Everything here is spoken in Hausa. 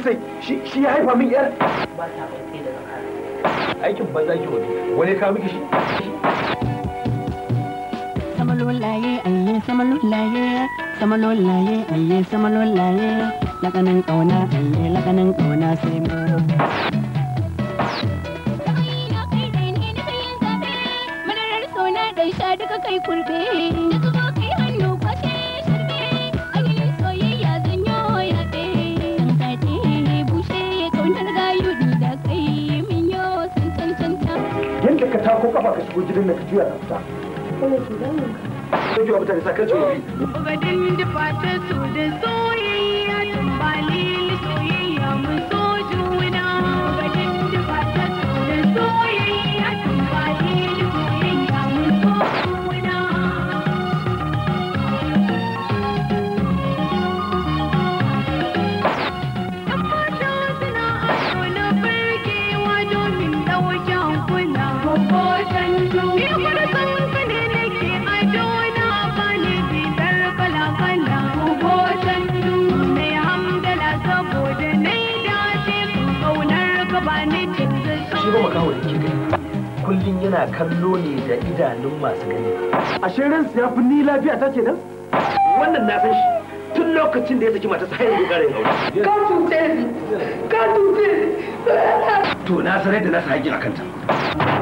sosai shi ya haifa min yar ba ta kai da zakara aikin banza ki wani wani ka miki shi samalolaye ayye samalolaye samalolaye ayye samalolaye lakanin kauna ayye lakanin kauna sai mu kai kurbe ta ko kafa ka shigo gidan na ka juya ka fita ke ka ko juya fita ka saka ce wuri shi ba makaho da gani kullum yana kallo ne da idanun masu gani a ransu ya fi ni lafiya ta kenan wannan na san shi tun lokacin da ya saki matarsa har yanzu ƙarin aure ka tuce ni ka tuce ni to na sanar da na sa hakkin akan ta